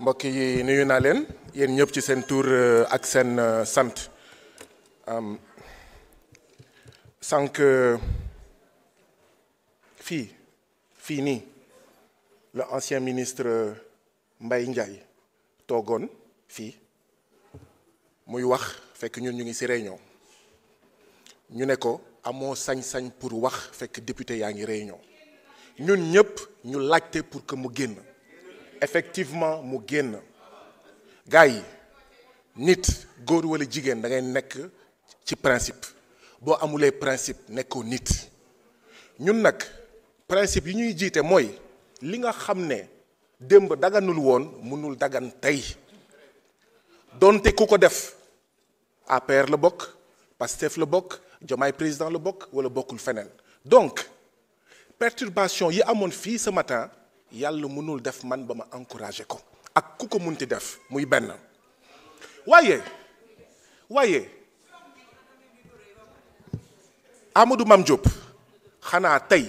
mbokk yi nuyu naa leen yéen ñëpp ci seen tour euh, ak seen euh, sant sànq fii fii nii le ancien ministre mbay Ndiaye toogoon fii muy wax fekk ñun ñu ngi ci réunion ñu ne ko amoo sañ-sañ pour wax fekk député yaa ngi réunion ñun ñëpp ñu laajte pour que mu génn effectivement mu génn gars nit góor wala jigéen da ngay nekk ci principe boo principe nit ñun nag principe yi ñuy jiite mooy li nga dagan tey donte ku def APR la Pastef la bokk président la bokk wala bokkul feneen donc perturbation yi amoon fii ce matin yàlla mënul def man ba ma encouragé ko ak ku ko munti def muy benn waaye waaye Amadou Mame Diop xanaa tey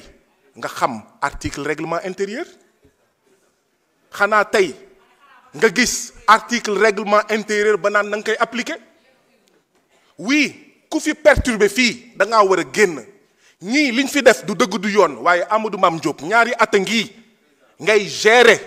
nga xam article règlement intérieur xanaa tey nga gis article réglement intérieur ba naan na nga koy appliqué oui ku fi perturbé fii danga ngaa war a génn ñii liñ fi def du dëgg du yoon waaye Amadou Mame Diop ñaari at a ngi ngay gérer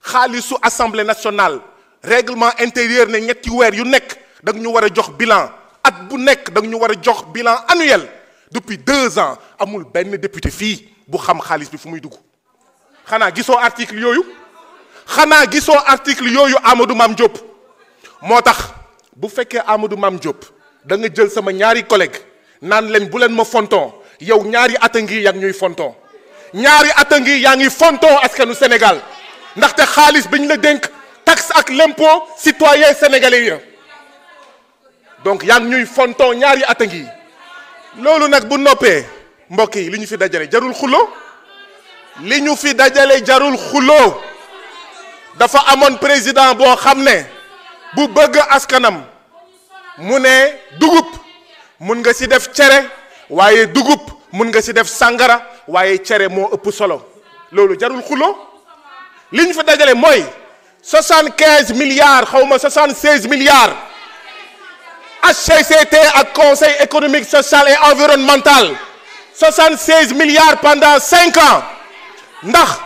xaalisu assemblée nationale règlement intérieur ne ñetti weer yu nekk da ñu war a jox bilan at bu nekk da ñu war a jox bilan annuel depuis deux ans amul benn député fii bu xam xaalis bi fu muy dugg xanaa gisoo article yooyu xanaa gisoo article yooyu Amadou mam Diop moo tax bu fekkee Amadou mam Diop da nga jël sama ñaari collègue naan leen bu leen ma fonton yow ñaari at a ngi yàgg ñuy fonton ñaari at a ngi yaa ngi fontoo askanu Sénégal ndaxte xaalis bi la dénk taxe ak lempo citoyen sénégalais ya donc yaa ngi ñuy fonton ñaari at a ngi loolu nag bu noppee mbokk yi li ñu fi dajale jarul xuloo li ñu fi dajale jarul xuloo dafa amoon président boo xam ne bu bëgg askanam mu ne dugub mun nga ci def cere waaye dugub mun nga ci def sàngara waye tiéré mo upp solo lolu jarul xulo liñ fa dajalé moy 75 milliards xawma 76 milliards HCT ak Conseil économique, social et environnemental 76 milliards pendant 5 ans ndax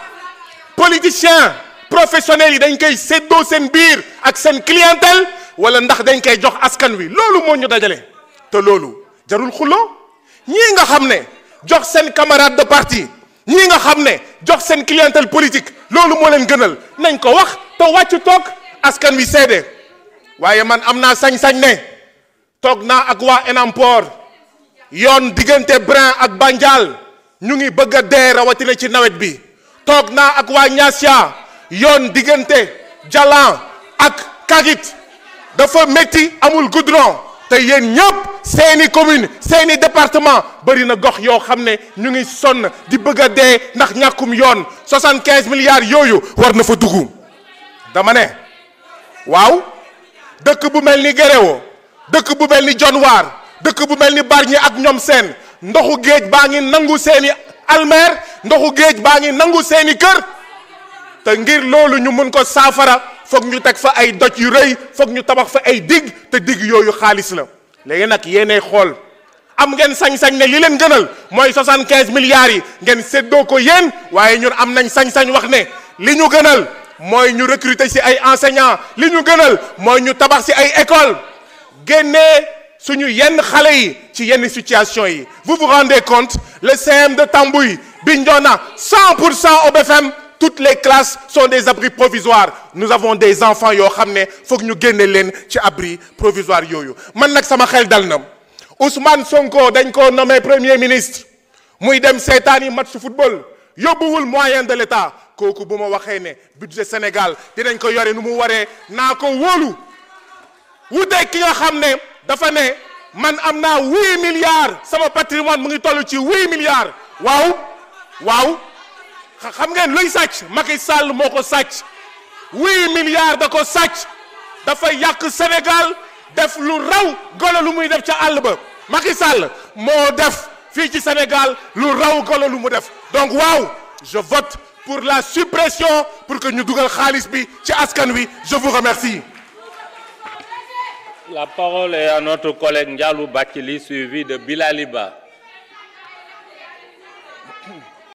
politiciens professionnels dañ koy seddo sen biir ak sen clientèle wala ndax dañ koy jox askan wi lolu tu ñu dajalé te lolu jarul xulo ñi nga xamné jox camarade de parti ñi nga xamné jox clientèle politique lolu mo leen gënal nañ ko wax te waccu tok askan wi seede waye man Enampor Yon Digente Brun ak banjal ñu ngi bëgg a Togna na ci nawet bi yon na ak wa ñassia Jalan ak Kagit dafa meti amul goudron te yéen ñëpp seeni commune seeni département bëri na gox yoo xam ne ñu ngi sonn di bëgg a dee ndax ñàkkum yoon soixante-quinze milliards yooyu war na fa dugg dama ne waaw dëkk bu mel ni Guéréo dëkk bu mel ni Dionewar dëkk bu mel ni Bargny ak ñoom seen ndoxu géej baa ngi nangu seeni almeer ndoxu géej baa ngi nangu seeni kër te ngir loolu ñu mun ko saafara foog ñu teg fa ay doj yu faut que ñu tabax fa ay digg te digg yoyu xaalis la léegi nak yene xol am ngeen sañ-sañ ne li leen gënal moy 75 milliards yi ngeen seddo ko yeen waye ñun am nañ sañ-sañ wax ne li ñu gënal moy ñu recruter ci ay enseignants li ñu gënal moy ñu tabax ci ay écoles génnee suñu yenn xalé yi ci yenn situation yi vous vous rendez compte le CM de Tambouy Bignona 100 pour au BFM toutes les classes sont des abris provisoires nous avons des enfants il faut que nous ñu les leen ci abri man n'ak sama Ousmane Sonko nommé premier ministre muy dem match football moyen de l'État Koko Bouma budget Sénégal dinañ ko yore nu mu ko a man amna milliards sama patrimoine mu ngi 8 milliards Waouh xam ngeen luy sàcc Macky Sall moo ko sàcc huit milliards da ko sàcc dafa yàq Sénégal def lu raw golo lu muy def ca àll ba Macky Sall moo def fii ci Sénégal lu raw golo lu mu def donc waaw je vote pour la suppression pour que ñu dugal xaalis bi ci askan wi je vous remercie. La parole est à notre collègue Ndialou Bakili suivi de Bilaliba.